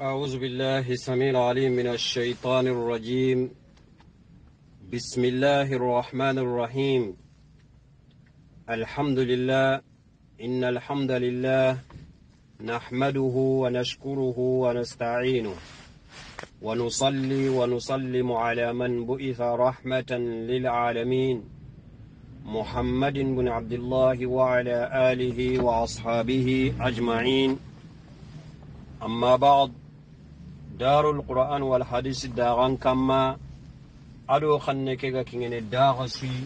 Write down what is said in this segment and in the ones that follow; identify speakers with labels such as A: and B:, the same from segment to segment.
A: أعوذ بالله السميع العليم من الشيطان الرجيم بسم الله الرحمن الرحيم الحمد لله إن الحمد لله نحمده ونشكره ونستعينه ونصلي ونسلم على من بعث رحمة للعالمين محمد بن عبد الله وعلى آله وأصحابه أجمعين أما بعد darul qur'an wal hadis dagan kamma ado xanne ke ga kingene daga sui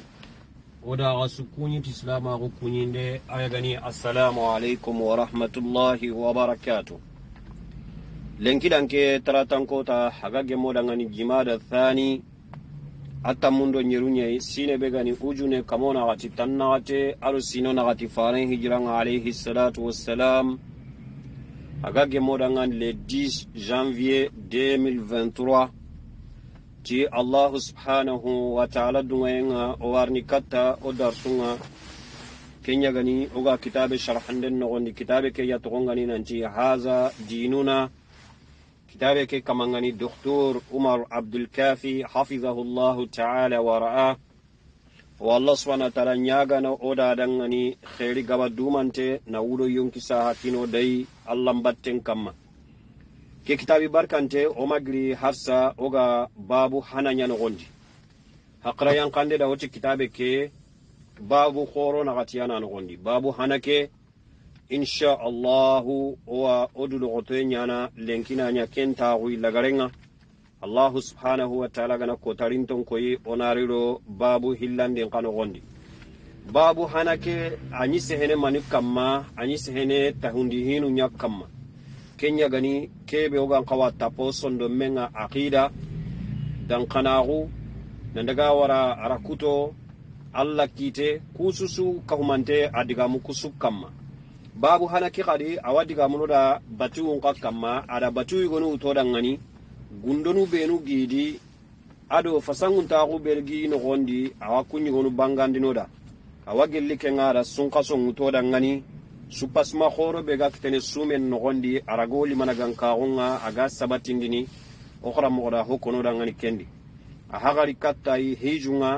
A: o daga su kunyit islama ko kunyinde ayagani assalamu alaikum wa rahmatullahi lenkidanke taratankota haga gemodangani jimada thani hatta mundo nyerunyei sine be gani ujune kamo naxati tan naxate aro sino naxati faren hijiranga alayhi salatu wassalam aga gemoɗagan le 10 janvier 2023 ti allah subhanahu wa taala duŋayenga o warni katta o kenya gani oga kitabe no nogondi kitabe ke yatogongani nanti haza dinuna kitabe ke kamangani doktor umar abdul kafi llahu taala wa ra'ah wa allah subahana wa taala ñagana o dadangani khairi gaba dumante na wuɗo yonki saha hakino dai allah mbatten kamma ke kitabi barkante o magri harsa oga babu hana hakra yan kande da wuce kitabe ke babu horo nagatiyana gondi babu hana ke inchallahu owa o lenkina nya kenta kentaxuy lagarenga allahu subhanahu wa gana kotarinton koyi onariro babu hillandin ka nogondi babu hana ke aɲi sehene mani kanma aɲi sehene tahundi hinu ɲa kanma ke ɲagani kebe wo gan kawa tapo sondo men ga aqida dankanaxu nandaga wara arakuto alla kite kususu kahumante a digamu kusu kanma babu hana ke xadi awa digamuno da batuwun ka kanma ada batuwi gonu wuto dangani gundonu benu gidi ado fasangun taxu bergi noxondi awa kuɲigonu bangandinoda awa gelli kenŋada sunka sonŋutoda ŋani suppasima xoro be ga kitene sumen noxondi arago limanagan kaxunŋa aga sabatindini wo xaramoxoda ho konoda ŋani kendi a haxari kattayi hijunŋa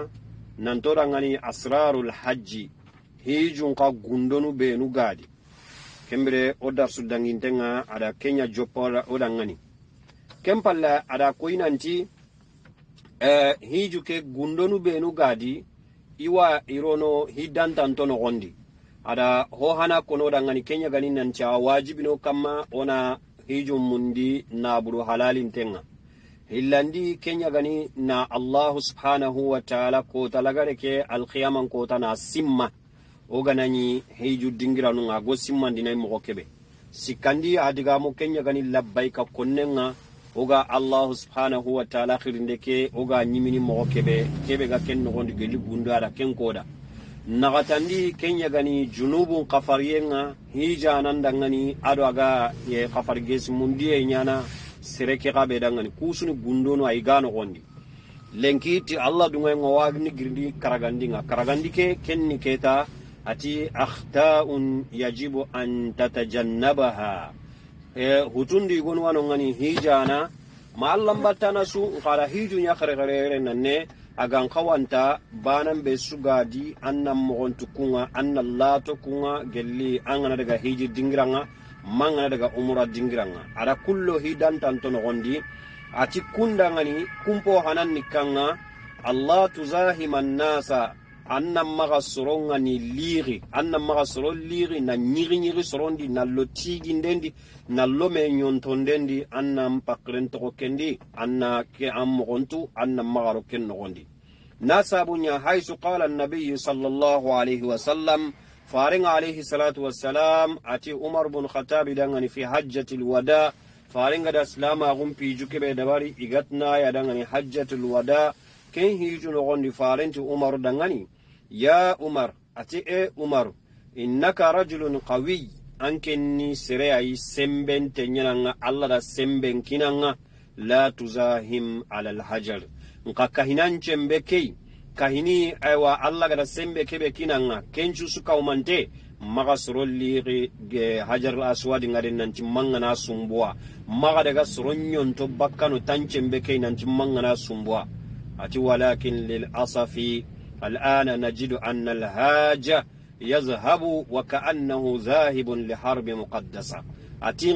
A: nantoda ŋani asrarul hajji hijun xa gundonu benu gadi kembire wo darsu dangintenŋa ada kenya joppa wo da ŋani kempalla aɗa koynanti e, hiiju ke gundonu ɓeenu gaadi iwa irono hiddantanto noxondi aɗa ho hana konoɗangani keñagani nanti awa wajibino kamma ona hijum mundi naɓuru halalintenga hillandi keñagani na allahu subhanahu wa taala kotalagareke alkiyaman kota na simma wo ganañi hiju dingiranunga go simmandinayi moxo keɓe sikkandi adigamo keñagani labbayka konnenga o ga allahu subhanahu wa taala xirinde ke o ga ñimini moxo keɓe ga ken noxondi gelli bundara ken koda naxatandi ken yagani junubun xafariyenga hijanandangani aɗo aga xafar gesimundiye ñana sere ke xaɓe dangani kusuni bundono ayi ga noxondi lenkiti allah dungenga wagni girndi karagandinga karagandi ke kenni keta ati akhtaun yajibu an tatajannabaha e hutundi gon wano gani hijana ma allah mbattana su hara hiju yakrerere nanne agan kawanta banan be sugadi annan mogontukunga annan latokunga gelli angana daga hiji dingiranga mangana daga umura dingiranga ada kullo hidantanto nogondi ati kundangani kumpo hananni kanga allah tuzahima nnasa anna maga soro ngani liri anna maga soro liri na nyiri nyiri sorondi na lotigi ndendi na lome nyonto ndendi anna mpakren toko kendi anna ke ammogontu anna magaro ken nogondi nasabunya haisu qala annabiyi sallallahu alaihi wasallam farenga alaihi salatu wassalam ati umar bun khatabi dangani fi hajjati lwada farenga da silama gumpi jukebe dabari igatna ya dangani hajjati lwada ken hiju nogondi farenti umaru dangani ya umar ati e umaru innaka rajulun qawi an kenni sereyayi sembente ñananga alla da semben kinanga la tuzahim ala alhajar nka kahinancembe kei kahini aywa alla gada sembe kebe kinanga kencu umante maga soro ge hajar aswadi ŋaden nanti mangana sumbuwa maga daga soro nyonto bakkano tancembe kei nanti mangana sumbuwa ati walakin lil asafi al'ana najidu anna ya yazhabu wa ka'annahu zahibun li harbi muqaddasa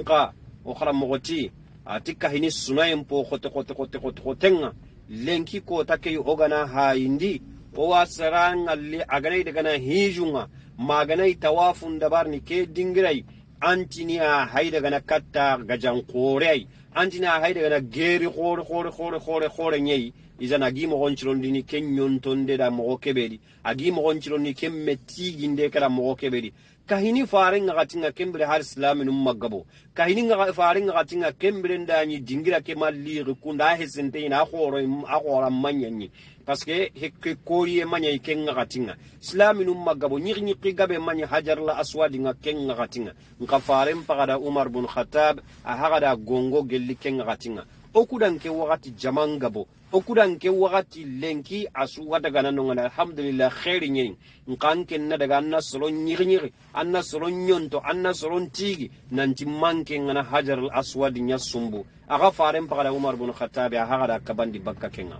A: ka ukhra mugoti atika hini sunayin po khote khote khote khote nga lenki ko take ogana indi o wasaran alli aganai daga na hijunga maganai tawafun dabar ni ke dingirai antiniya hay daga na katta gajan korai antina haydegana geeri hoore hoore hoore hoore hoore ñayi isan agi mogoncirondini ken ñontondeda mogo keɓeɗi agi mogoncironi ken mettiguinde kada mogo keɓeɗi kahini fare nga kembere har silami num maggabo kahini ngaka fare ngakatinga kembere ndañi dingira ke malliri kunda a hesente ina a hooro a hoora mañañi paske hikki kori e manya ken ngagatinga silaminu magabo nyir nyikki gabe manya hajar la aswadi nga ken ngagatinga nka faren pagada umar bin khattab a hagada gongo gelli ken ngagatinga okudanke wakati jaman gabo okudanke wakati lenki asu wadagana nongana alhamdulillah khairi nyen nkanke na daga anna solo nyiri nyiri anna solo nyonto anna solo ntigi nanti manke ngana hajar al aswad nya sumbu aga faren pagada umar bin khattab a hagada kabandi bakka kenga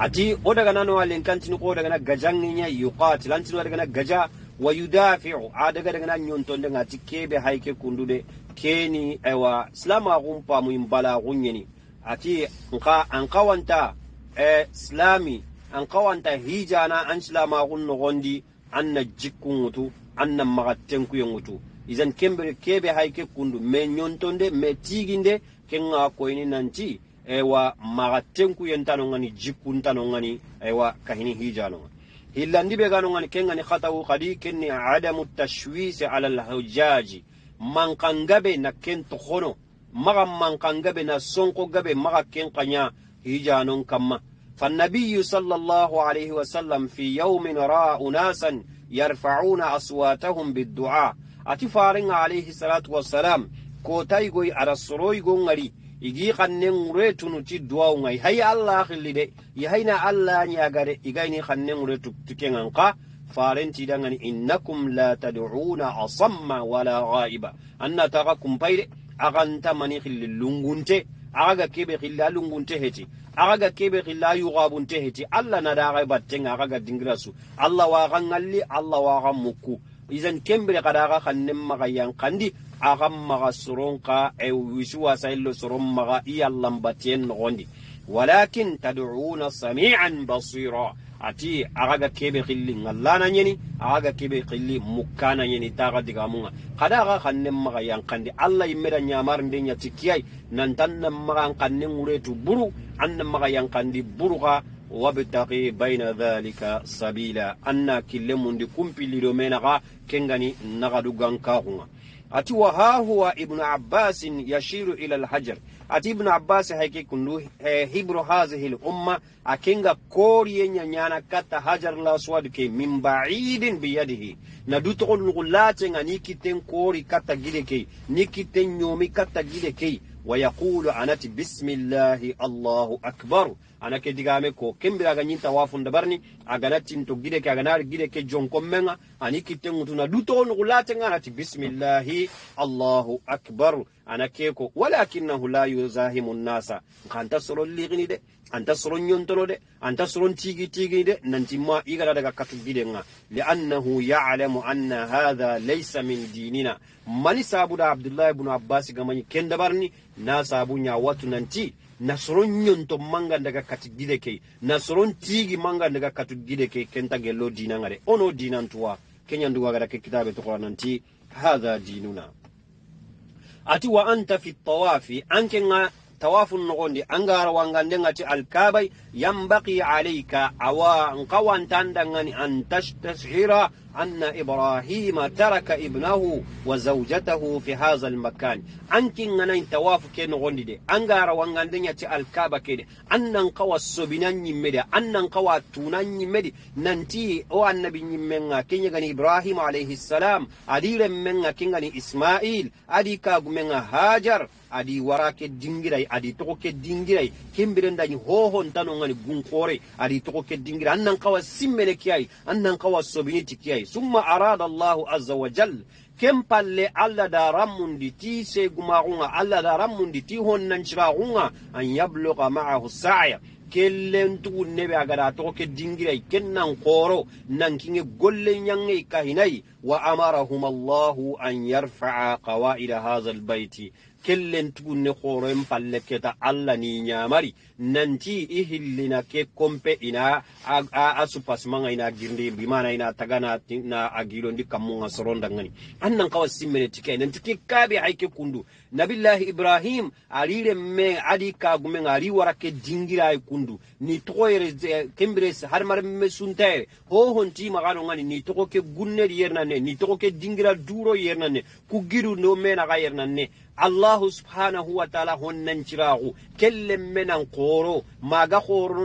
A: ati o daga wa daganano alenkantini ko daga dagana gajanŋiya yuqatil daga na gaja wa yudafiu a daga dagana ɲontonde ŋa ati kebe hayke kundude keni pa mu imbala balaxun ɲeni ati nka an kawanta e silami an kawanta hijana an no gondi an na jikkun mutu an na maxa tenkuyen ŋutu izan ke kebe haike kundu me ɲontonde me tiginde ken ŋa koyini nanti ewa maga tenku yentano ngani jippu ntano ngani kahini hijano ngani hillandi ɓe gano ngani ni khata hatawu khadi kenni adamu tashwisi ala lhujaji mankangabe na ken khono maga mankangabe na sonko gabe maga ken kanya hijanon kamma فالنبي صلى الله عليه وسلم في يوم رأى أناسا يرفعون أصواتهم بالدعاء أتفارن عليه الصلاة والسلام كوتايغوي على السرويغو igi kannen ngure tunu ti duwawu ngai hayi allah khilli de ya hayna allah nyaga de ngure kannen gure tukke faren farenti dangani innakum la tad'una asamma wala ghaiba anna taga kumpaide aganta mani khilli lungunte aga kebe khilla lungunte heti aga kebe khilla yugabunte heti allah na da ghaiba tenga aga dingira su allah wa gangalli allah wa gamuku izan kembere kada ga kannen maga yankandi agan maga soron ka e wisu wasaillo soron maga iya lambatiyen nogondi walakin tad'una sami'an basira ati aga kebe xilli ŋallana ɲeni aga kebe xilli mukkana ɲeni taxa digamunga xada aga xannen maxa yanxandi alla yimmeda ɲamarinde ɲati kiyai nantan nan maxan xannen ŋuretu buru an nan maxa yanxandi buru xa wabtagi baina dhalika sabila anna kille mundi kumpillido me naga kengani nagadu gankaxunga ati wa hahuwa ibnu abbasin yashiru ila alhajar ati ibnu abbas hayke kundu hibru hazihi lumma a kenga kooriye ñañana katta hajar laswad ke min baidin biyadihi na du toxol nuxu laatenga ni kitten koori katta gide key ni kitten ñoomi katta gide key ويقول عنات بسم الله الله أكبر أنا كدقامي كو كم بلا غنين تواف دبرني أغنات تنتقيدك أغنار قيدك جنكم منا أني كتنغتنا دوتون غلاتنا عنات بسم الله الله أكبر أنا كيكو ولكنه لا يزاهم الناس خانت سرول لغني ده anta soron yontono de ta soron tigi tigi de nanti ma igara daga katugiden ga li'annahu ya'lamu anna hadha laysa min dinina mani da abdullahi ibn abbas gamani bar ni na sabu nya watu nanti na soron yonto manga daga gide ke na soron tigi manga daga gide ke kenta gello dinanga de ono tuwa kenya duwa gara ke kitabe to nanti hadha dinuna ati wa anta fi tawafi anke nga tawaful nogondi angara wangandengati alkabai yambaki alayka awa nkawantandangani an tastashira anna Ibrahim taraka ibnahu wa zawjatahu fi hadha almakan ankin nganain tawafu ke nogondi de angara wangandengati alkaba kede annan kawa sobinan de annan kawa tunan nyimmede nanti o annabi nyimmenga gani Ibrahim alayhi salam adiren menga ni ismail adika gumenga hajar adi wara ke dingirai adi toko ke dingirai kembirendani hohontanongani gunkore adi toko ke dingirai annan kawa simmele kiyai annan kawa sobiniti kiyai summa arada allahu aza wajal ken palle allah da rammundi ti gumarunga allah da rammundi ti honnanciraxunga an yabluqa maahu saya kellen tugu nebe a gada ke dingirai kennan nan koro nan kinge golle nyange kahinai wa amarahum allahu an yarfa'a qawaida hadha albayti ne tugunne hooroen palle keta allah ni nyamari nanti i ke kompe ina a, a, a supasmaga ina bi mana ina taga na, agilo a gilondi kammuga sorondangani an nan kawa simmene tike nanti ke kabe ay kundu nabillahi ibrahim alire me adi gumen ari wara ke dingira ay kundu ni kembres har mar me suntayere magaro ngani ni togo ke gunneri ne ni togo ke dingira duro yernanne ku giru ndo menaga yernanne allahu subhanahu wa taala honnan ciraxu menan koro maga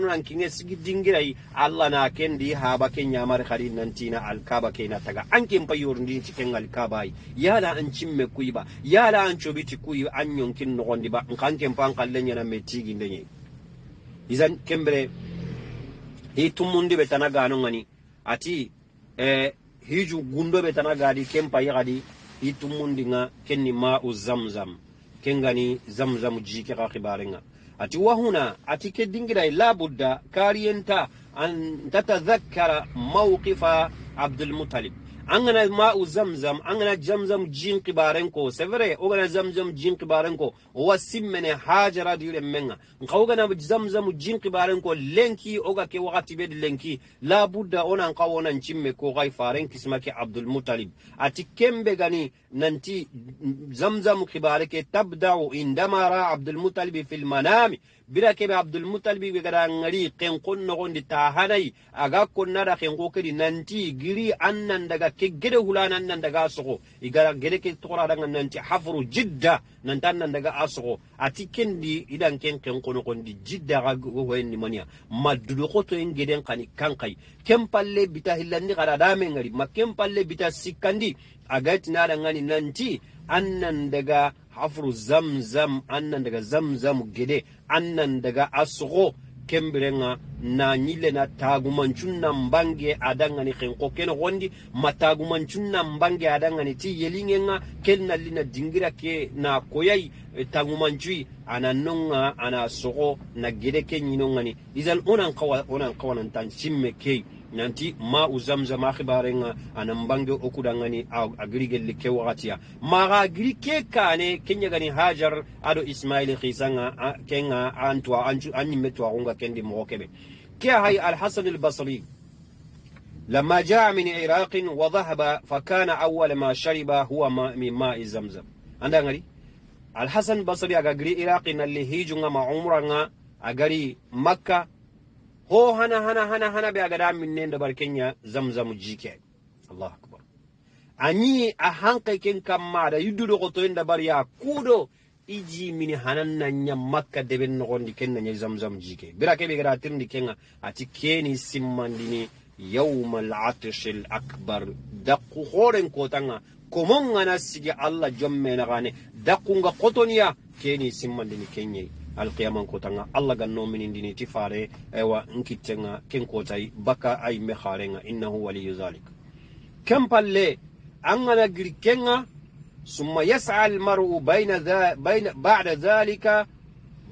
A: nan kinge sigi dingirai allah na kendi haba ke nan xadi nantina alkaba kena taga an ken payorndinti ken ya la an ba ya la an cobi ti kuyi an ñonkin noxondiba kan ken pan kallen yana me tiginde izan isan kembere hi tummundi ɓe tana ganongani ati eh, hiju gundo ɓe tana gadi kempa ya gadi i tummundinga kenni ma'u zamzam kengani zamzam jike ka nga ati wahuna ati ke dingirai labudda kariyenta an tatadhakkara mawqifa mutalib. angana ma'u zamzam angana zamzam jin kibaren ko severe ogana zamzam jin kibaren ko wa simmene hajara dire menga nka gana zamzam jin kibaren ko lenki oga ke wakati bed lenki la budda ona nka wona chimme ko gai faren kismake abdul mutalib ati kembe gani nanti zamzam kibare ke tabda indama ra abdul mutalib fil manami bira kebe abdulmutalibi be gara ngari kenkon nogondi tahanai aga konnada kenko kedi nanti giri annan daga ke gede hulana annan daga sogo igara gede ke togorada nga nanti hafru jidda nanta annan daga asogo ati kendi idan ken kenko nogondi jidda ga hoyenni mania maddudo koto en geden kani kankai kempalle bita hillandi kada dame ngari ma kempalle bita sikkandi agati ngani nanti annan daga hafru zamzam annan daga zamzam gede annan daga asgo kembirenga na nyile na tagumancun na bange adangani xenqo keno xondi ma tagumancun mbange bange adangani ti yelingenga ken nalli na dingira ke na koyai e, tagumancuyi ana nonga ana soxo na gede ke ñinongani isan onan kawa onan nantan simme kei nanti ma u zamzam anan bange okudangani agirigel ke wakatiya maga giri ke kane kenyagani hajar ado ismail khisanga kenga antwa anyimme twagunga kendi mokebe ke hay alhasan albasri لما جاء من العراق وذهب فكان أول ما شرب هو ماء من ماء زمزم عندنا غري الحسن بصري أجري العراق اللي هيجونا مع عمرنا أجري مكة ho hana hana hana hana a ga damin ne da ya zamzamu jike allah akbar ani a hankai kan ma da yiddudo da goto inda ya kudo iji min hanan na nya makka de ben no gondi ken ya zamzam jike bira ke tin gara tirndi kenga ati keni simmandini yawmal atshil akbar da ku horen ko tanga ko mon sigi allah jomme na gane da ku nga kotoniya keni simmandini kenye alqiyaman kotanga allah ganno minin dini ti fare ewa nkittenga ken kotai baka ay me nga innahu waliyu zalik kem palle an gana summa yas'a almar'u bayna bayna ba'da zalika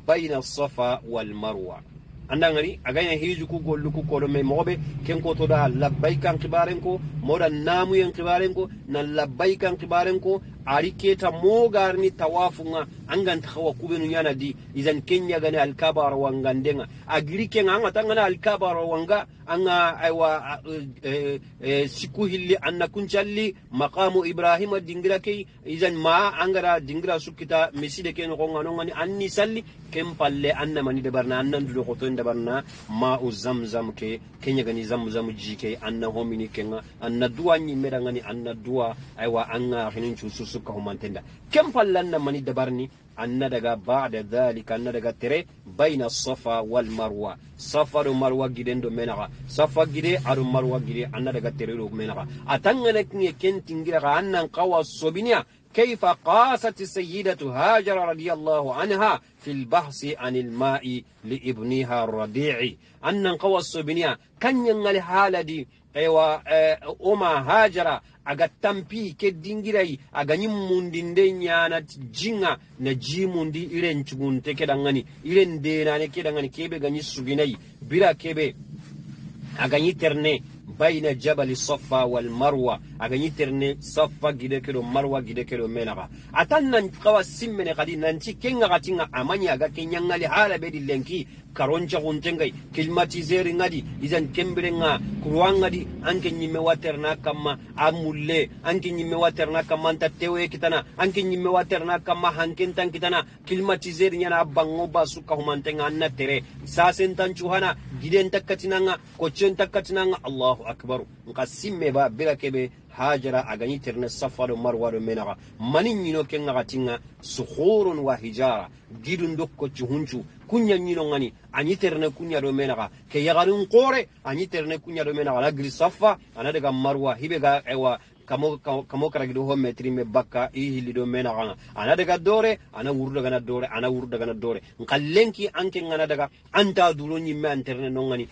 A: bayna safa wal marwa andangari agayna hiju ku gollu ku kolo me mobe ken ko to da labbaika an kibaren ko moda namu yen kibaren ko na labbaika kan kibaren ko ari keta mogarni tawafunga angan tawa kubenu yana di izan kenya gane alkabar ndenga agiri kenga anga tangana alkabar wanga anga aywa eh, eh, eh, siku hilli anna kunchalli maqamu ibrahima dingira kei izan ma angara dingira sukita meside keno konga nongani anni salli kempalle anna mani dabarna anna ndudo kotoen dabarna ma uzamzam ke kenya gani zamzam jike anna homini kenga anna duwa nyimera ngani anna duwa aywa anga hinin chusus سكا هم تندا كم فلنا من دبرني أن دغا بعد ذلك أن دغا تري بين الصفا والمروة صفا ومروة جدين دو منغا صفا جدين أرو مروة جدين أن دغا تري دو منغا أتنغنك نيكين تنجرغا أن قوى الصبنية كيف قاست السيدة هاجر رضي الله عنها في البحث عن الماء لابنها الربيعي أن قوى الصبنية كان ينغل حالة دي aywa eh, oma hajara aga tampi keddingiray aga ñimmundinde ñanat jinga na jimundi iren cugunte keɗan gani iren denane keɗan gani keɓe gañi suginayi bira keɓe aga ñi baina jabali safa wal marwa aga ñi safa gide marwa gide keɗo menaxa atan nan simmene xadi nanti kenga xatinga amañi aga ke ñangali hala ɓe lenki karonca guntengai climatiseri ngadi izan kembire nga kurwa ngadi anke nyimme waterna kama amulle anke nyimme waterna kamma anta tewe kitana anke nyimme waterna kama hankentan kitana climatiseri nyana bango basu kahumantenga anna tere sasentan cuhana giden takkatinanga koccen takkatinanga allahu akbaru nka simme ba bega kebe hajara agani terne safaro marwaro menaga mani nyino kenga katinga sukhurun wa hijara gidun dokko kunya nyino ngani anyi terne kunya do menaga ke yagarin qore anyi terne kunya do menaga la gri safa ana daga marwa hibe ga ewa kamo kamo karagidi ho metri me bakka i hili do mena ganga ana daga dore ana wuru daga na dore ana wuru daga na dore ngallenki anke ngana daga anta duro nyi me anterne nongani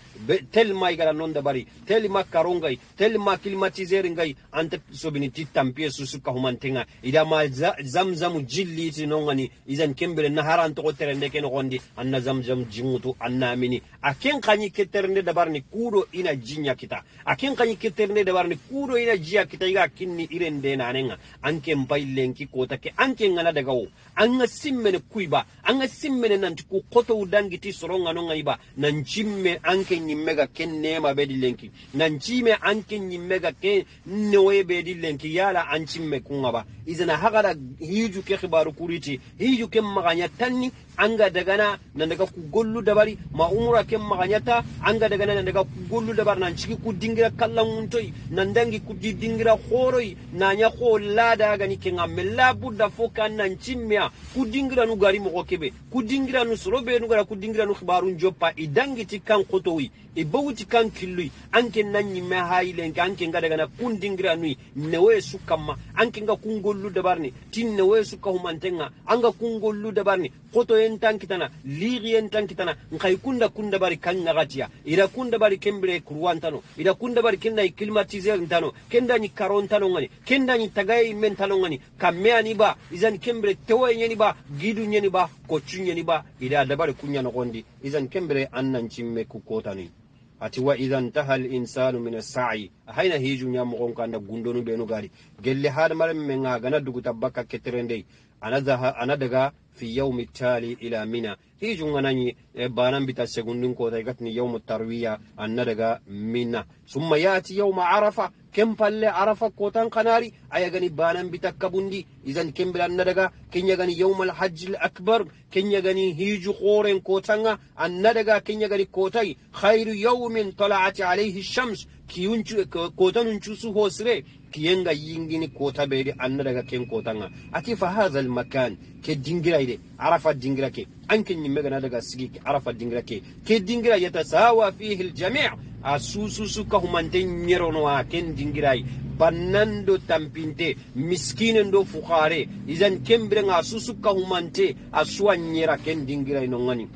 A: tel mai gara non da bari tel ma karongai tel ma climatiser ngai anta sobini titampie susuka humantenga ida ma zamzam jilli ti nongani izan kembere na haran to terende ken gondi anna zamzam jingutu anna mini aken kanyi keterne da barni kudo ina jinya kita aken kanyi keterne da barni kudo ina jiya kita iga kinni iren de nanenga anke mbaillen lenki kota ke anke ngana daga wo anga simmene kuiba anga simmene nanti ku koto udangi ti soronga no ba nan jimme anke mega ken nema bedi lenki nan jime anke nyimmega ke noye bedi lenki yala an jimme kunga ba izana da hiju ke khibaru kuriti hiju ke maganya tanni anga dagana nan daga ku gollu dabari ma umura ke maganyata anga dagana nan daga ku gollu dabar nan ciki ku dingira kallan wuntoi nan dangi ku dingira koroi nanya ko lada gani ke ngamme labudda fo kanna nchimmea kudingiranu gari mogo kebe kudingiranu sorobe nugara kudingiranu kibarun joppa idangiti kan kotowi i bowti kanki luy anke nanyimme hayilenke anke nga kundingira nuy newe sukkamma anke nga kungollu dabarni tin newe sukka humantenga anga kungollu dabarni koto yen tankitana liiri yen tankitana nkay kunda kunda bari ida kunda bari kurwantano ida kunda bari climatiser ntano kenda ni karontano ngani kenda tagaye imme ntano ngani kamme ani ba izan kembire tewo nyeni ba gidu nyeni ba kochu nyeni ba ida dabari kunya nogondi izan kembire annan cimme kukotani ati wa idan tahal al insanu min as-sa'i hayna hiju nyam gon kanda gundonu benu gari gelle har mar men ga na dugu tabaka ketrende ana daga fi yawmi tali ila mina hijun e banan bita segundin ko tay gatni yawmu tarwiya anna daga mina summa yati yawma arafa kem palle arafa ko tan kanari aya gani banan bita kabundi izan kem bil anna daga kenya gani yawma al hajj al akbar kenya gani hiju khoren ko tanga anna daga kenya gani ko tay khairu yawmin tala'at alayhi shams kiyunchu kotanunchu su hosire yenga yingini kota beri anna daga ken nga ati fa hazal makan ke dingira ide arafa dingira ke an ken nyimme gana daga sigi ke arafa dingira ke ke dingira yata sawa fihi al jami' asusu su ka humante no a ken dingira bannan do tampinte miskinen do fukare izan kembre nga su ka humante asuwa nyera ken dingira ino ngani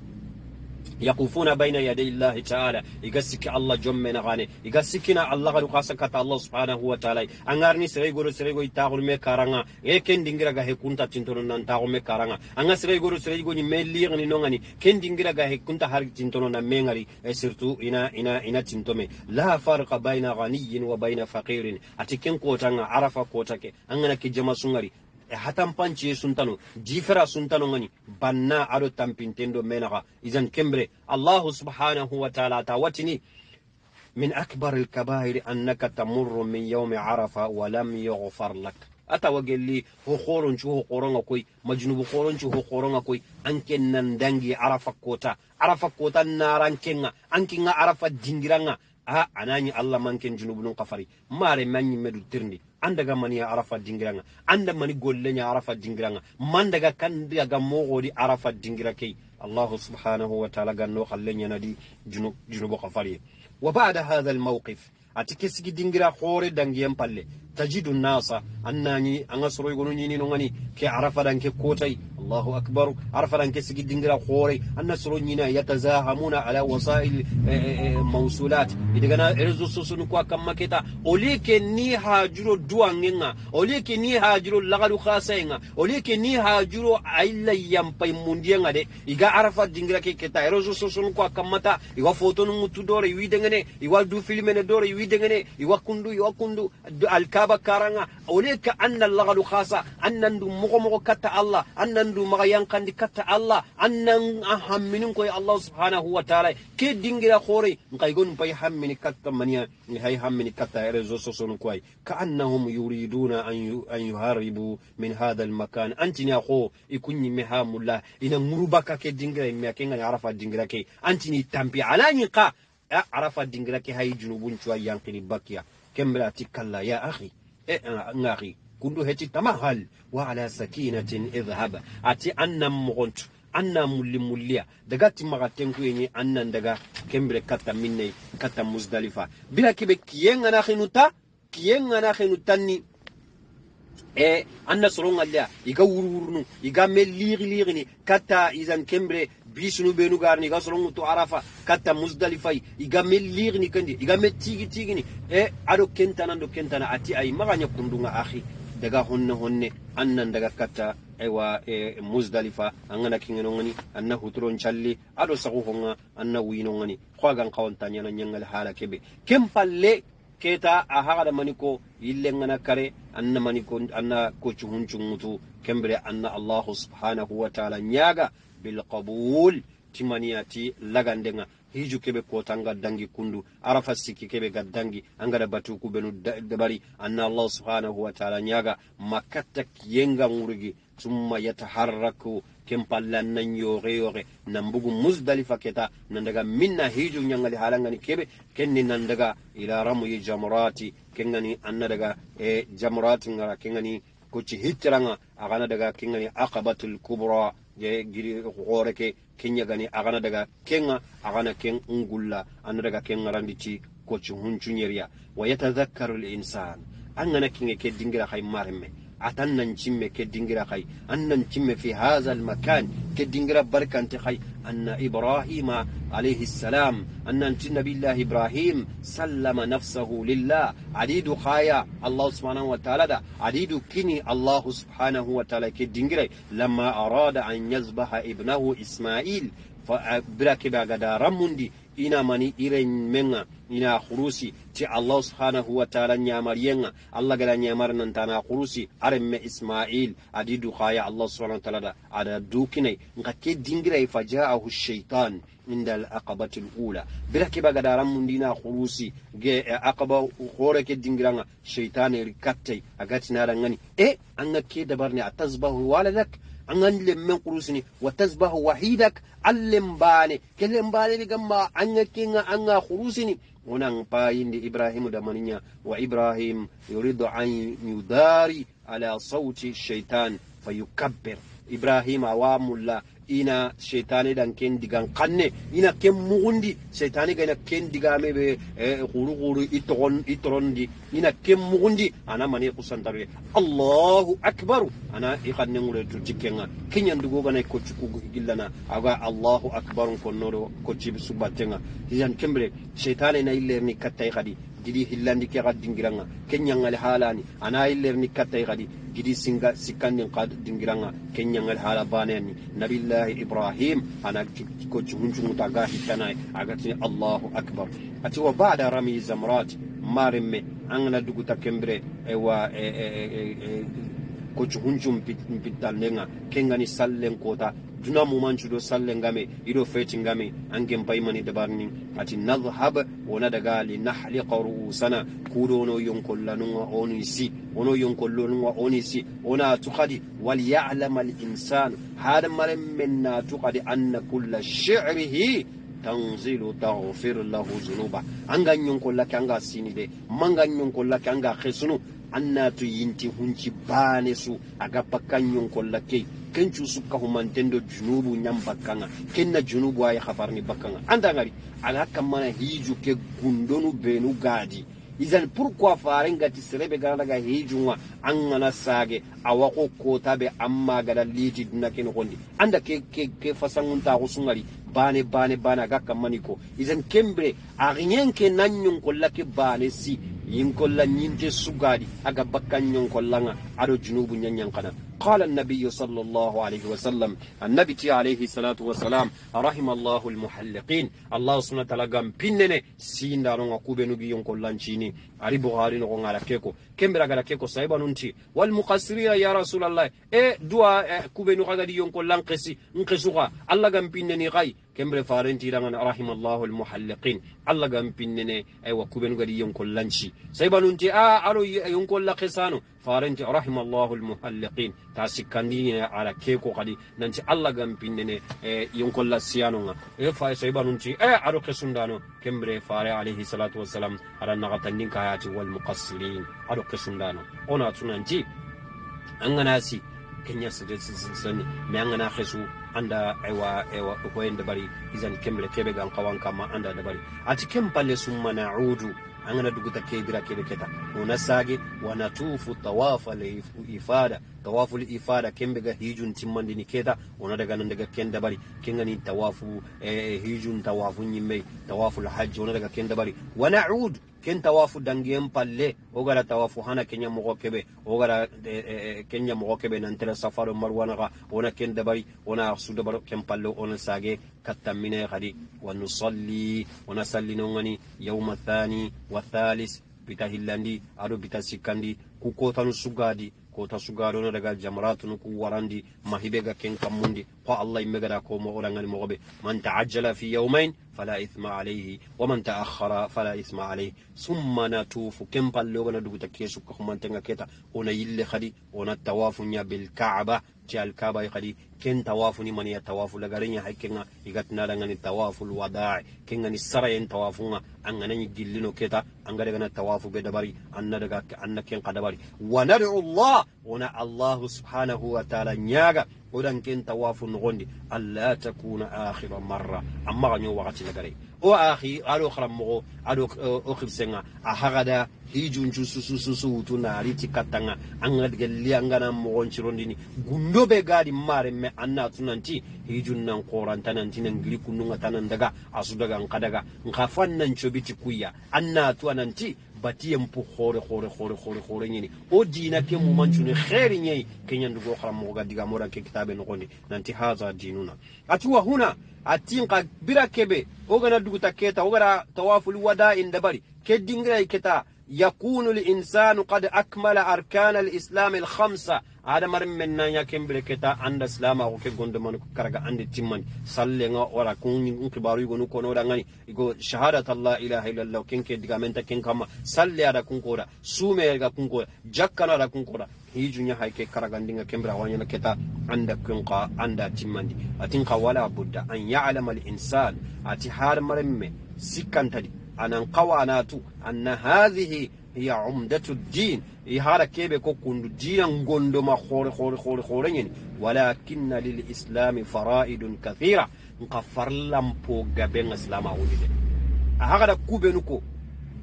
A: يقفون بين يدي الله تعالى يقسك الله جمنا غاني يقسكنا الله غنو قاسا كتا الله سبحانه وتعالى أنغارني سريغورو سريغو يتاغل مي كارانغا يكن دنگرا غا هكونتا تنتونو نانتاغل مي كارانغا أنغا سريغورو سريغو ني ميليغ ني نونغاني كن دنگرا غا هكونتا هارك تنتونو نمينغاري سرتو إنا إنا إنا تنتومي لا فرق بين غني وبين فقير أتكن كوتانغا عرف كوتاكي أنغنا كي جماسونغاري e hatampanciye suntano jifera suntano ngani banna aɗo tampintendo menaka izan kembre allahu subhanahu wa taala ta watini min akbar al-kabair annaka tamurru min yaumi arafa lam yughfar lak atawa gelli ho horoncu ho qoronga koy majnubu horoncu ho qoronga koy anke nan dangi arafa kota arafa kota narankenga ankenga arafa dingiranga a anani allah manken junubun kafari mare manni medu tirni. andaga mani arafa dingiranga anda mani gollenya arafa dingiranga mandaga kandaga mogodi arafa dingira kei allahu subhanahu wa taala ganno xallenya nadi junubo xa fariye wa bada hada almawqif ati kesigi dingira hoore dangiyen palle tajidu nasa annani anga soro gonu nyini nongani, ke arafa kotai Allahu akbar arafa dan ke sigi dingira khore anna soro nyina yatazahamuna ala wasail eh, eh, eh, mawsulat idagana erzu susunu kwa kamaketa olike ni hajuro duwa ngenga olike ni hajuro lagalu khasenga olike ni hajuro ailla yampai mundienga de iga arafa dingira ke keta erzu susunu kwa kamata iwa foto nungutu dore iwi dengene iwa du filmene dore iwi dengene iwa kundu iwa kundu alka kitaba karanga oleka anna lagalu khasa annandu mogo mogo katta allah annandu maga yankandi kata allah annan hamminin koy allah subhanahu wa taala ke dingira khore ngai gon pay hammini katta mania hay hammini katta rezo soson koy ka annahum yuriduna an an yuharibu min hada almakan antini akho ikunyi mehamulla ina ngurubaka ke dingira me ke ngani arafa dingira ke antini tampi alani ka arafa dingira ke hay junubun cuwa yankini bakia كامرأتك يا أخي ngari kundu heti tamahal wa ala sakinatin idhhaba ati annan mugontu anna mulli mulliya daga timmaga tenku yenye annan daga kembre kata minne kata muzdalifa bila kibe kiyenga na khinuta kiyenga na khinutanni e eh, anna soronga liya iga wurwurnu iga me liri lirini kata izan kembre bisunu benu garni ga sorongu to arafa katta muzdalifa iga melirni kandi iga metigi tigini e ado kentana do kentana ati ay maganya kundunga akhi daga honne honne annan daga katta aiwa e, muzdalifa angana kingeno ngani anna huturon challi ado sagu honga anna wino ngani kwagan kawantanya na nyangal hala kebe kempalle keta a maniko yille ngana kare anna maniko anna ko cuhun cumutu kembere anna allah subhanahu wa ta'ala nyaga bilqabul timaniyati lagandenga hiju keɓe kotanga dangi kundu arafa sikki keɓe ga dangi angada batuku ɓenu dabari anna allahu subhanahu wa taala ñaga makatta yenga ngurgi summa yataharraku ken palla nan yoxe yoxe nan bugu musdalifa keta nan daga minna hiju ñangali halangani keɓe kenni nan daga ila ramuyi jamrati kengani anna daga e jamrati ngara kengani kuci hittiranga agana daga kengani aqabatul kubra xoore ke ke ñagani axana daga kenga axana ken ngulla ana daga ken ŋaranditi kocu huncuñeriya wa yatadhakkaru linsan an gana kinge ke dingira xay maremme عتنا نشم كدينجرا خي أن نشم في هذا المكان كدينجرا بركة أنت خي أن إبراهيم عليه السلام أن أنت نبي الله إبراهيم سلم نفسه لله عديد قايا الله سبحانه وتعالى دا عديد كني الله سبحانه وتعالى كدينجرا لما أراد أن يذبح ابنه إسماعيل فبركب قدارا مندي ina mani irin menga ina kurusi ti allah subhanahu wa ta'ala nyamar yenga allah gada nyamar nan tana khurusi arin me isma'il adi dukhaya allah subhanahu wa ta'ala da ada dukine nga ke dingira fa ja'ahu shaytan inda al-aqabati al-ula bila ke baga daran mun dina khurusi ge eh, aqaba khore ke dingiranga shaytan ri er katte agati na ngani e an ke dabar ne atazbahu waladak angallen men kurusini wa tasbahu wahidak allen bane kelen bane ni gamma anga kinga anga kurusini onan payinde ibrahimu da maninya wa ibrahim yuridu an yudari ala sauti shaitan fayukabbir ibrahim awamulla ina shaytani dan ken digan kanne ina ken mugundi shaytani ga ina ken digame be quru eh, itron itron di ina ken mugundi ana mani tarwe allahu akbar ana ikanne ngure tu cikenga kinyan dugo gana ko cuku gillana aga allahu akbar noro ko cibi subatenga hijan kembre shaytani na illerni kattai kadi gidi hillandi ke gad dingiranga kenyangal halani ana illerni kattay gadi gidi singa sikkandin qad dingiranga kenyangal hala banani nabillahi ibrahim ana ko jungun ta ga hitanai agatini allahu akbar ati wa ba'da rami zamrat marimme angana duguta kembre ewa e, e, e, e, ko jungun pittallenga kengani sallen kota duna mumancu ɗo salle ngame iɗo feti ngame angen paymani dabarni ati nadhab wona daga li nahliqa ru'usana kuɗo wono yonkollanuga oni si wono yonkollonuga oni si wona tukadi walyalama al insanu haɗa maren men na tukadi anna kulla shi'rihi tanzilu taghfir lahu zunuba anga nyonkolla ke anga sinide manga nyonkolla ke anga khesunu anna tu yinti hunci bane su aga pakka nyonkolla ke ken cusub ka humantendo junubu ñam bakkanga junubu aye hafarni bakkanga andangari aga kammana hiiju ke gundonu benu gaadi izan pourquoi farengati serebe garadaga hijunga an sage awa ko amma gada liti duna ke nogondi anda ke, ke, ke fasanguntaxu sungari bane bane bane aga kammani izan kembre axien ke nan bane si yinkolla ñinte sugadi aga bakkan ñonkollanga aɗo junubu ñañankana قال النبي صلى الله عليه وسلم النبي تي عليه الصلاة والسلام رحم الله المحلقين الله سبحانه وتعالى قام بيننا سين دارون قوبنو بيون كلان شيني علي بغاري نغو على كيكو kembira gala ke ko saiba nunti wal muqassirina ya rasul allah e dua eh, kube nu gadi yon ko lanqisi nqisuga allah gam pinneni gai kembere farenti rahim allah al muhalliqin allah gam pinnene wa kube nu gadi yon ko lanchi saiba nunti a aro yonko laqisano farenti rahim rahimallahu almuhalliqin ta sikkandini ala ke ko gadi nanti allah gam pinnene e la siano nga e fa saiba nunti e aro kesundano kembere fare alayhi salatu wassalam aranna nagatanin kayati wal muqassirin aro lokacin dana ona tunan ji an si kenya sede sani me an gana anda aiwa aiwa koyen da bari izan kemle kebe gan kawan kama anda da bari ati kem palle summa na'udu an gana duguta kedira kebe keta ona sage wana tufu tawafa le ifada tawafu le ifada kembe ga hijun timmandi ni keta ona daga nan daga ken bari kenga ni tawafu eh, eh hijun tawafu nyimme tawafu al hajj ona daga ken bari wa na'udu ken tawafu dangiyen palle wo gara tawafu hana kenya mogo kebe wo gara kenya mogo kebe nantere safaro marwanaga wona ken dabari wona su dabaro ken palle wona sage kattamine kadi wa nusalli wona sallinongani yauma thani wa thalis bita hillandi aɗo bita sikkandi ku kotanu sugadi kota sugaɗono daga jamratunu ku warandi mahibega ga ken kammundi ko allah immegada ko mo orangani mogoɓe man taajjala fi yaumain فلا إثم عليه ومن تأخر فلا إثم عليه ثم نتوف كم بلغنا دوغتا كيسو كخمان تنغا كيتا ونا يلي خدي ونا توافني بالكعبة جاء الكعبة خدي كن توافني من يتواف لغرين هاي كنا يقتنا لعن التواف الوداع كنا نسرين توافنا أنغنا نجلنو كيتا أنغنا التواف بدبري أننا كن قدباري وندعو الله wona allahu subhanahu wa taala nyaga udan kin tawafu nogondi alla takuna akhira marra amma ganyo wakati nagare o ahi aɗo haranmogo alo o hirsenga a hagada hijuncu susususu wutu naariti An anga diga li angana mogonchirondini gundo be gadi mare me anna tunanti hijun nan tananti nan gili kununga tanan daga asu daga nka nan nka kuya anna tu ananti batiye mpu khore khore khore khore khore nyini o dina ke mu mancune khairi nyai kenya ndugo khala mo ga diga mora ke kitabe no gonde nanti haza dinuna ati wa huna atin ka bira kebe o gana dugu taketa o gara tawaful wada inda bari ke dingira iketa yakunu al insanu qad akmala arkan al islam al khamsa adamar men nan ya kembere keta anda silama ko ke gondo man ko karga ande timman salle nga ora kun in kibaru go nuko no dangani go shahadat allah ilaha illallah kenke diga men kin ken kama salle ada kun su me ga kun jakka na ada kun koda hijunya haike ndinga kembra na keta anda ka anda di atin ka wala budda an ya'lama al insan ati har maremme sikkantadi anan qawanatu anna hadhihi hiya umdatu ddin i hara keɓe ko kundu diina gondoma hoore hoore hoore hoore ñani walakinna lil islami faraidun kathira nka farlampo gabe ga silama wonide a hagada kuɓenu ko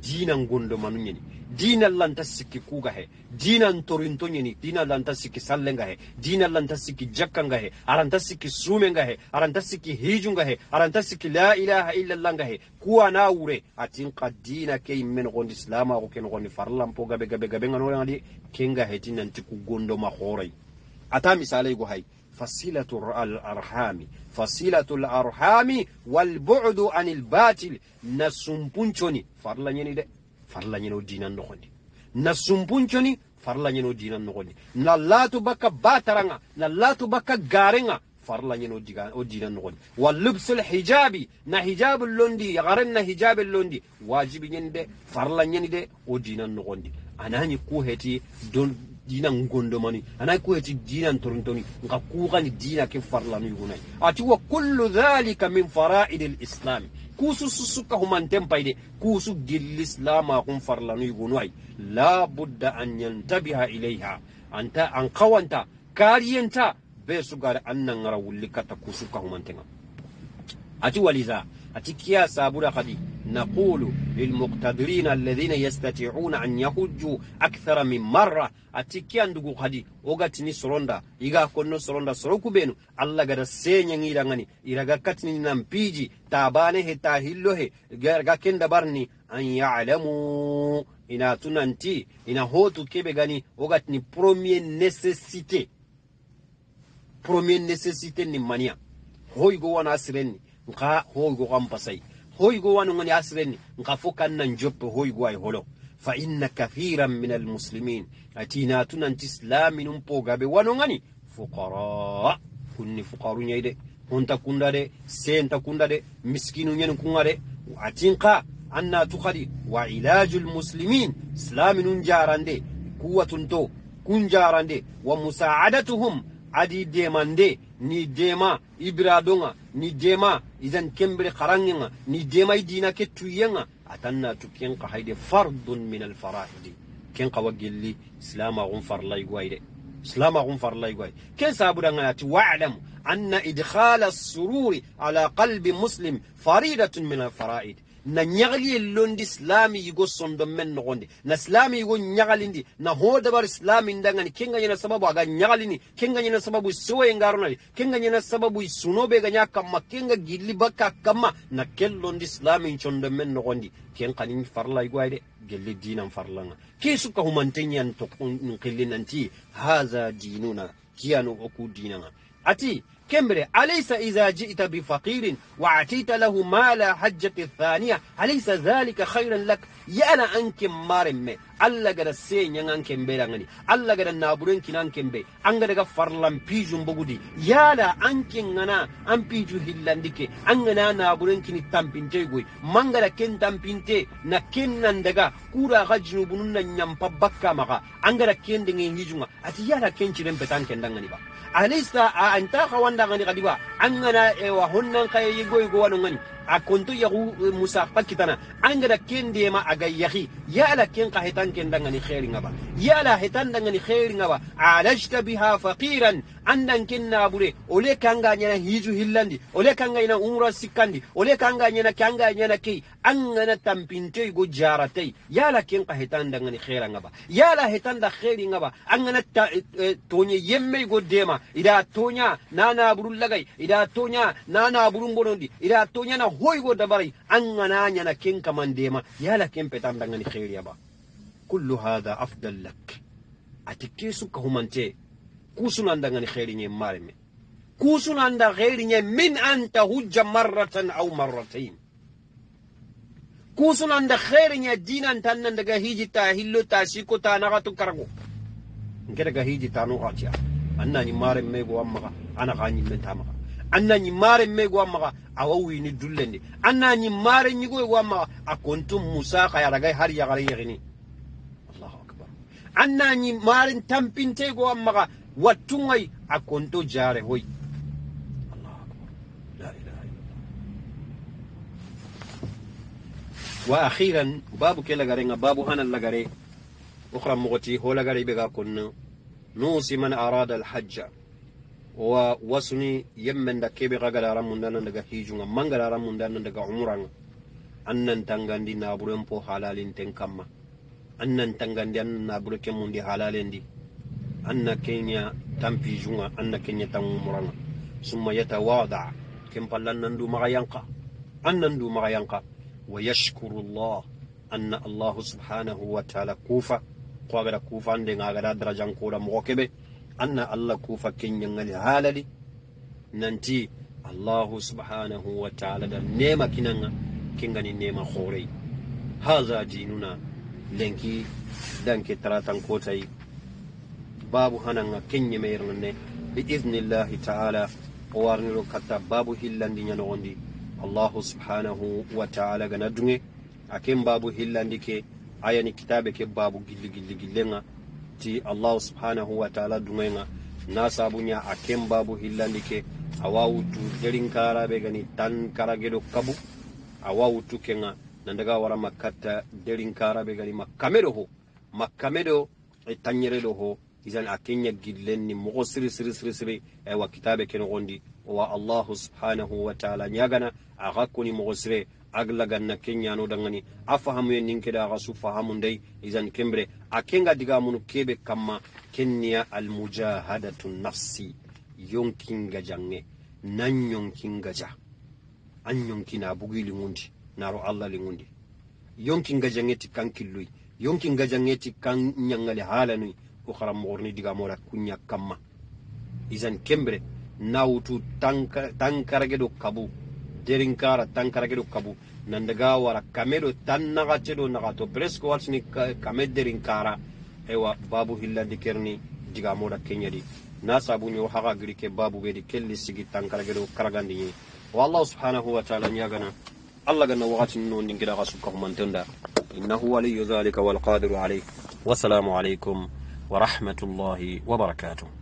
A: diina gondoma nu ñani dina lanta siki kuga he dina ntorinto torintoñini dina lanta siki salle he dina lanta sikki jakka he aranta sikki suume he aranta sikki hiiju he aranta siki la ilaha illa langa he kuwa na ure atin ka diina ke yimme nogondi silamaxo ke nogondi farlampo gabe gabe gabe nganoyadi ke ngahe ti nanti ku gondoma xooray ata misalay go hay فصيلة الأرحام فصيلة arhami والبعد عن الباطل نسمبنشوني فرلا يني ده farla nyino dina nogondi na sumpunconi farla nyino dina nogondi na latu baka bataranga na latu baka garenga farla ñeno o dinan nogondi walubsul hijabi na hijab londi garen na hijab londi wajibi nyende farla ñeni de o dinan nogondi anani ku heti don dina ngondomani ana kueti dina nga nka kuxani dina ke farlanu yugunai ati wa kullu dhalika min faraidil islam kusu susuka tempai de kusu ma kun farlanu yugunu la budda an yantabiha ilaiha anta an kawanta kariyanta be sugare annan rawulika ta kusuka human humantenga ati waliza ati kiya sabura kadi naqulu lilmuqtadirina alladhina yastati'una an yahujju akthara min marra atikya ndugu kadi ogatini soronda iga konno soronda sorokubenu allah gada señangirangani iraga katini nampiji tabane he ta hillo he ga kenda barni an ya'lamu ina tunanti ina hotu kebe gani ogatini premier necessité premier necessité ni mania hoygo wana sirenni nka hoygo hoygo wano ngoni asrenni nka fo kannan joppo hoygo ay holo fa inna kathiran min almuslimin atina tunanti islami num pogaɓe wano ngani fuqara kunni fuqaru ñayi de honta kunda de senta kunda de miskinu ñen kunga de atin ka anna tukadi wa ilaju almuslimin islami num jarande kuwatun to kun jarande wa musaadatuhum adi demande ni dema ibiradonga ni dema izan kembre qaranginga ni dema idina ke tuyenga atanna tuken ka hayde fardun min al farahid ken ka wagilli islama gun farlay gwayde islama gun farlay gway ken sabudan ati wa'lam anna idkhala as-sururi ala qalbi muslim faridatun min al fara'id na ñagali londi islami yigo sondo men nogondi na islami yigo ñagalindi na ho dabar islami ndanga ni kinga nyina sababu aga ñagalini kinga nyina sababu sowe na kinga nyina sababu sunobe ga ña kamma kenga gilli bakka kamma na kel londi islami chondo men nogondi ken kanin farla yigo ayde gelli dinan farlanga ke suka yan to kun nkillinanti haza dinuna kiyano oku dinanga ati كمرة أليس إذا جئت بفقير وعتيت له مال hajja الثانية أليس ذلك خيرا lak يانا أنك مارم Allah ga da sen yan an kembe da ngani Allah ga da naburen kin an kembe an ga daga farlan pijun bugudi yala an kin ngana an piju hillandike an ngana naburen kin tampinte goy manga da ken tampinte na ken nan daga kura hajju bunun nan nyam pabakka maka an gada da ken dingin hijunga ati yala ken ciren petan ken dangani ba alaysa an ta khawan غني قديبا عنا وهن كي يجو يجو نغني أكنت يهو مسافر كتنا عنا كين ديما أجي يخي يا لا كين قهتان كين دعني خير نبا يا لا هتان دعني خير نبا عالجت بها فقيرا andan kenna bure ole kanga nyana hiju hillandi ole kanga ina umra sikandi ole kanga nyana kanga nyana ki angana tampinte go jarate yala ken qahitan dangani khaira ngaba yala hitan da khairi ngaba angana tonye yemme go dema ida tonya nana burul lagai ida tonya nana burun bonondi ida tonya na hoy go dabari angana nyana ken kamandema yala ken petan dangani khairi ba كل هذا أفضل لك أتكيسك همانتي kusunanda ngani kheri nye marme kusunanda kheri nye min anta hujja marratan au marratain kusunanda kheri nye dinan tannan daga hiji ta hillo ta siko ta nagatu kargo nke daga hiji ta no gatia anna ni marme go amma ana ganyi ta maka anna ni marme go amma awawi ni dullende anna ni mare ni go amma akontum musa kaya daga har ya gare yagini Allahu akbar anna ni marin tampinte go amma wattungay akonto jare hoy allah akbar la ilaha illallah wa akhiran babu ke lagare nga babu hanan lagare ukhra mugoti ho lagare be ga kunna nusi man arada al hajja wa wasuni yemmen da kebe gagara ramun nan daga hijunga mangara ramun nan daga umranga annan tangandi na buren po halalin ten kamma annan tangandi annan na burke mun di halalen di أن كينيا تنفيجونا أن كينيا تنمرنا ثم يتواضع كم بلن نندو مغيانقا أن نندو مغيانقا ويشكر الله أن الله سبحانه وتعالى كوفا قوغرا كوفا عندنا غرا درجان كورا موكبه أن الله كوفا كينيا هالالي ننتي الله سبحانه وتعالى نيما كينيا كينيا نيما خوري هذا ديننا لنكي دنكي تراتان كوتاي baabu hananga keñe meyrno ne bi idnillahi taala o warniro katta baabu hillandi ñanogondi allahu subhanahu wa taala gana dunge a ken baabu hillandi ke ayani kitabe ke baabu gilli gilli gillenga ti allahu subhanahu wa taala dungenga na sabuña a ken baabu hillandi ke a wawutu derinkaraɓe gani tan karageɗo kabu a wawutu kenga na daga wara ma katta derinkaraɓe gani ma kameɗo ho ma kameɗo e tanñereɗo ho Izan a kenya ni mɔgɔ siri siri siri siri ay eh, wa kitabe kene gondi wa allahu subhanahu wa taala a axa koni mogo sire agla ganna no dangani a fahamu ye nin keda axa su fahamu dai izan kembire a kenga digamunu kebe kamma kenniya almujahadatu nafsi Yonkin jange nan yonkin ja an yonki na bugi lingundi ro allah lingundi Yonkin jange ti kan killuy Yonkin jange ti kan ñangale halanui ko harammogorini digamora kuña kamma isan kembere nawutu tankarage ɗo kabu derinkara tankarage ɗo kabu nandaga wara kame ɗo tan nagate ɗo naga to presque watsini ewa babu hillandi kerni digamoɗa keñadi na sabuño haga giri babu ɓeɗi kelli sigi tankarage ɗo karagandi ñi wo allahu subhanahu wa taala ñagana allah ganna wakati no ndingiɗa ka sukkahumantenda innahu waliyu dhalika walqadiru alayh wasalamu aleykum ورحمة الله وبركاته